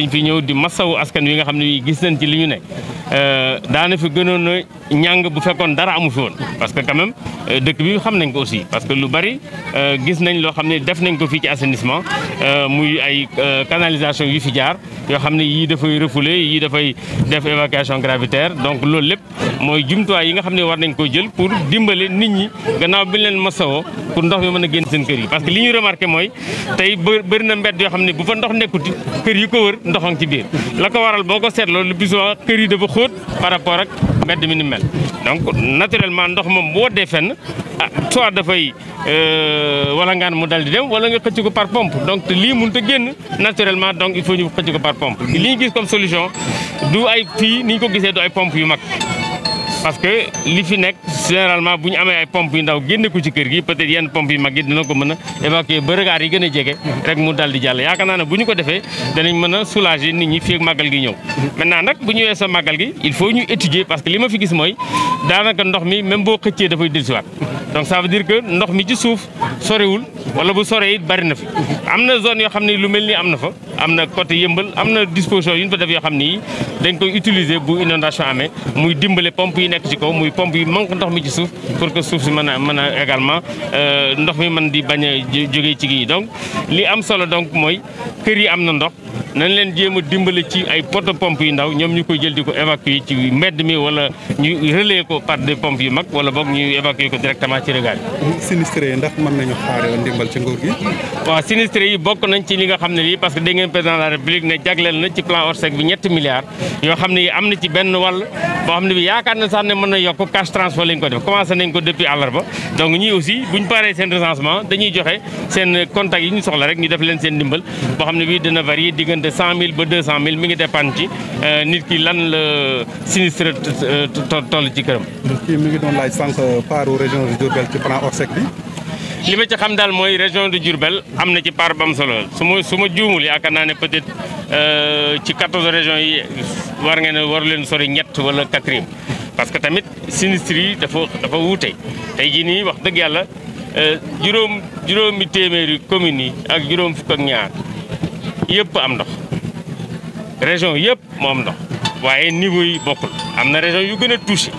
dañ fi ñëw di masawu askan wi nga xam ne gis nañ ci li ñu ne euh, daana fi gënoon a bu fekkoon dara amu fi woon parce que quand euh, dëkk bi xam nañ ko aussi parce que lu bari euh, gis nañ loo xam ne def nañ ko fii ci assainissement muy ay canalisation yu fi jaar yoo xam ne yii dafay refouler yii dafay def évacuation gravitaire donc loolu lépp mooy jumtuwaay yi nga xam ne war nañ ko jël pour dimbale nit ñi gannaaw bi leen masawoo pour ndox mi mën a génn naturellement donc a il faut ñu xëcc ko par pompe li ñu gis comme solution du ay fii ni ñu ko gisee du ay pompe yu mag parce que li fi nekk généralement bu ñu amee ay pompe yu ndaw génne ko ci kër gi peut-être yenn pompe yu mag yi dina ko mën a évacuer ba regard yi gën a jege rek mu dal jàll yaakaar naa ne bu ñu ko defee danañ mën a soulager nit ñi fii ak màggal gi ñëw naa nag bu ñu sa màggal gi il faut ñu étudier parce que li ma fi gis mooy daanaka ndox mi même boo xëccee dafay dellusiwaat donc ça veut ndox mi ci suuf sorewul wala bu soree bari na fi am na zone yoo xam ne lu mel ni am na fa am na côté yëmbal am na disposition yu ñu fa def yoo xam ni dañ koy utiliser bu inondation amee muy dimbale pompe yi nekk ci kaw muy pompe yi manque ndox mi ci suuf pour que suuf si mën a mën a également euh, ndox mi mën di bañ a jógee ci kii donc li am solo donc mooy kër yi am na ndox. nañ leen jéem a dimbale ci ay poto pompe yu ndaw ñoom ñu koy jël ko évacuer ci mbedd mi wala ñu relayer ko par des pompes yu mag wala boog ñu évacuer ko directement ci regard yi. yi ndax mën nañu xaar ndimbal ci nguur gi. waaw sinistré yi bokk nañ ci li nga xam ne lii parce que dégg président la république ne jagleel na ci plan Orsec bi ñetti milliards yoo xam ne am na ci benn wàll boo xam ne bi yaakaar na sax ne mën na yokk cash diggante cent mille ba deux cent mille mi ngi dépendre ci euh, nit ki lan la sinistre euh, toll ci këram. kii mi sànq paaru région li ma ci xam daal mooy région de Diourbel am na ci part bam solo su ma su juumul yaakaar naa ne peut-être euh, ci quatorze régions yi war ngeen war leen sori ñett wala quatrième parce que tamit sinistre yi dafa dafa wuute te jii nii wax dëgg yàlla juróom juróomi téeméeri communes yi ak juróom fukk ak ñaar. yëpp am ndox région yëpp moom ndox waaye niveau yi bokkul am na résion yu gën a touché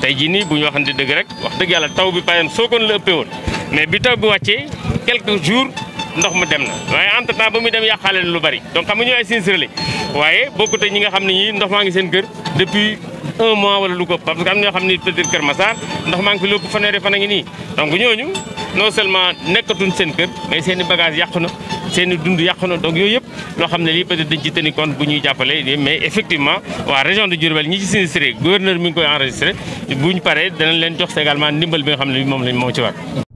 tey jii nii bu ñu waxante dëgg rek wax dëgg yàlla taw bi payoon Sokone la ëppee woon mais bi taw bi wàccee quelques jours ndox mu dem na waaye entre temps ba muy dem yàqaale lu bari donc xam nga ñu ay sincéré waaye bokkut ñi nga xam ne ñii ndox maa ngi seen kër depuis un mois wala lu ko parce que am ñoo xam ne peut-être Kër Massar ndox maa ngi fi lépp fanweeri fan ngi nii donc ñooñu non seulement nekkatuñ seen mais seen i bagage na seen i dund yàqu na donc yooyu yëpp loo xam ne lii peut être dañ ci tenir compte bu ñuy jàppale mais effectivement waa région de Diourbel ñi ci sinistré gouverneur mi ngi koy enregistré buñ paree danañ leen jox également ndimbal bi nga xam ne moom lañ moo ci war